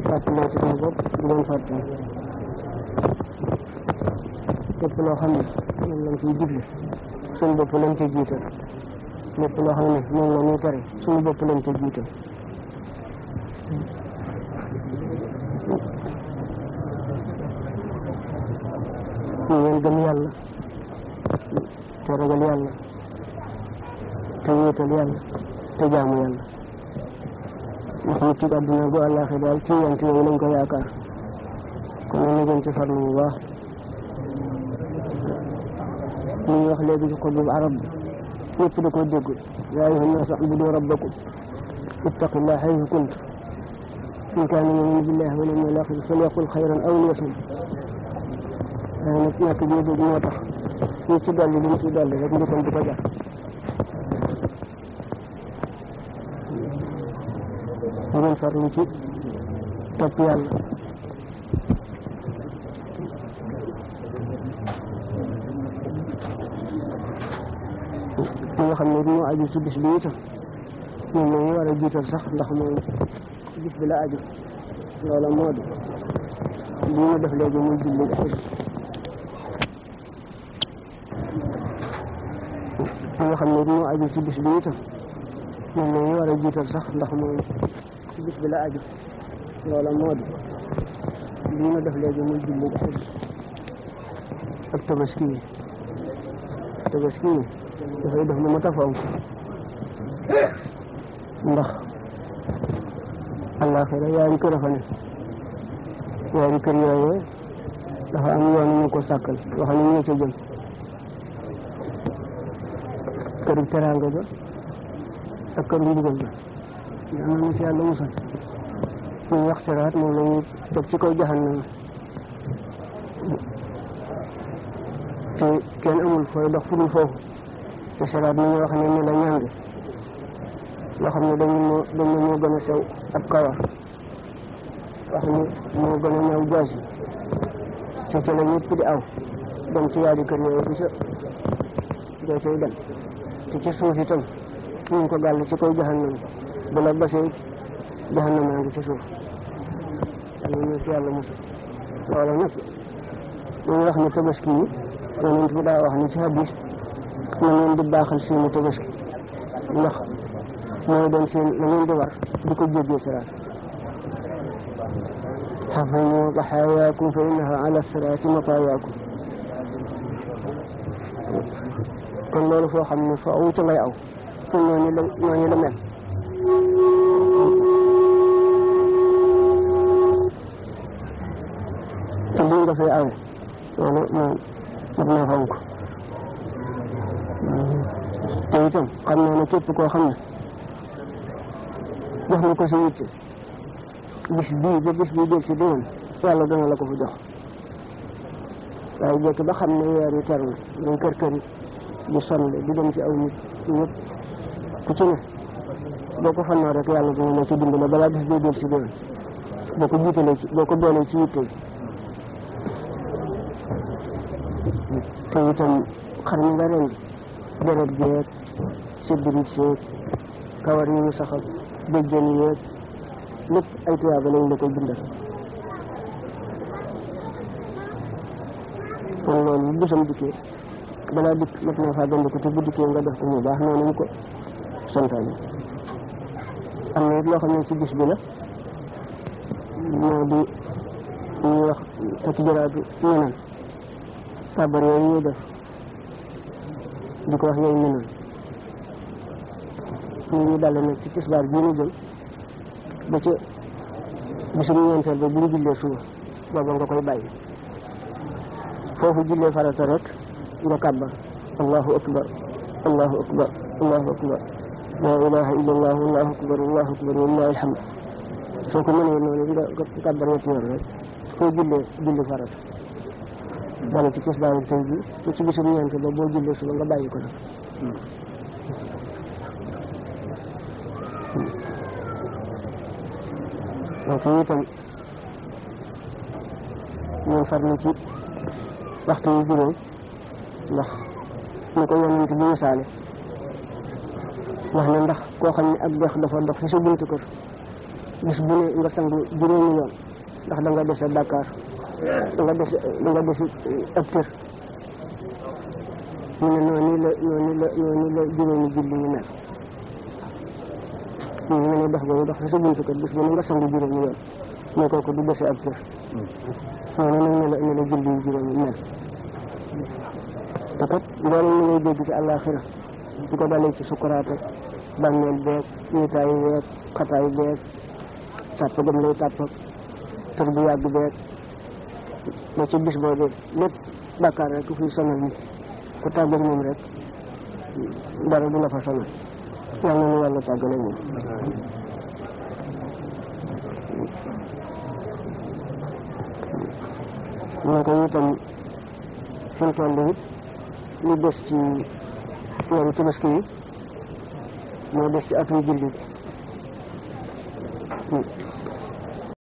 di fàttaloo ci sama bopp di leen fàttali lépp loo xam ne moom lañ ciy digle suñu bopp lañ ciy jiital lépp loo xam ne moom la ñuy tere suñu bopp lañ ciy jiital ngeen gëm yàlla te ragal yàlla te wéetal yàlla te jaamu yàlla suñu tuba bu ñu bu allah xidal ci yent yow lañ ko yaakaar kon ñu gën ci farlu bu baax ñu wax léegi ci xutbu arab ñëpp da ko dégg yaa ayuha nnaas ubudu rabbakum اتقوا الله حيث كنت إن كان يؤمن بالله واليوم الآخر فليقل خيرا أو ليصمت nekk jéggi moo tax ñu ci dolli li ñu ci dolli rek ñu ko di ko jox amoon farlu ci topp yàlla li nga xam ne ñoo aju ci bis bi itam ñoom ñoo war a jiital sax ndax mooy bis bi la aju loola moo di li ñu def léegi muy julli li nga xam ne ñoo aju ci bis bi itam ñoom ñoo war a jiital sax ndax mooy ci gis bi la aju loola moo di li ñu def léegi muy julli ak tabaski yi tabaski yi dafay def lu ma tafaw ndax àllaaxira yaari kër a fa ne dafa am yoon ñu ko sàkkal yoo xam ne ñoo ca jëm këru teraanga ga ak këru mbugal ga nga xam ne moom si yàlla mosal ñuy wax siraat moom la teg ci kaw jahannam te kenn amul fooy dox fu dul foofu te siraat mi ñuy wax ne ñu la loo xam ne dañu moo dañu moo gën a sew ab kawar wax ni moo gën a ñaw jaas te ca la ñëpp aw dem ci kër yooyu bu ca doo cay dem te ca suuf itam ñu ko gàll ci kaw jahannam بلا بشيء جهنم عندك يعني تشوف يعني من فيها الله موسى ولا نفس من يعني رحمة تبشكي ومن يعني تبدا رحمة تهديش من يندب داخل شيء متبشكي نخ ما يدن شيء من يندب بكل جد يسرع حفظوا ضحاياكم فإنها على الصراط مطاياكم كل فوق من فوق تلاقوا كل من يلمع يقول في عون يعني من مبنى فوق تيتم قمنا نكيب كو خمس نحن كو سيتي مش بي مش بي دير سيدون يلا دون لكو فجاه waaye jekk ba xam ne weer yu terul kër kër yi di sonn di dem ci aw nit ñëpp ku ci ne boo ko fannoo rek yàlla dina la ci dimbale balaa bis bee del si doon boo ko jiitalee ci boo ko boolee ci mi nga ren deret jeeg séddrit seeg kawar yi ñu saxal bëjjën yeeg lépp ay tuyaaba lañ la koy bindal kon loolu bu bisam dikkee balaa dikk mat na faa gënd ko te bu dikkee nga def ko mu baax noonu mu ko santaane am na it ci bis bi la moo wax ak jëraatu ñeneen kabar yooyu ñuy def di ko wax yooyu ñeneen ñu ngi dale nag ci tisbaar bii ñu jëm ba ci ba bu ñu nga koy farata rek nga allahu akbar allahu akbar allahu akbar laa ilaha illa allah allahu akbar allahu akbar walillahi alhamd soo ko mënee noonu nga kàbbar ñetti yoon rek soo jullee julli farat daana ci tes daana tey ji ci bisum ñeent ba boo jullee ko nag donc yi itam ñoom farlu waxtu yu juróom ndax ñu ko yonent bi misaale wax na ndax koo xam ne ab dex dafa ndox fi sa buntu kër bis bu ne nga sangu juróomi yoon ndax da nga dese Dakar nga dese nga dese eh, ab tër ñu ne noonu la noonu la noonu la juróomi julli yi mel ñu ne dox boobu dox fi sa buntu kër bis bu ne nga sangu juróomi yoon mais kooku du dese ab tër noonu nag ne la ne la julli yi juróomi mel te loolu ñu ngay dégg ci àllaaxira di ko dalee ci sukkuraat rek bàmmeel beeg wéetaayu beeg xataayu beeg tàpp gëm lay tàpp tër bu yàgg beeg ba ci bis boobu lépp bàkkaar rek fuy sonal nit ku tàggat rek dara du la fa sonal yàlla na yàlla tàggale moom naka itam fi mu toll it lu des ci weeru tabaski yi moo des ci atum julli bi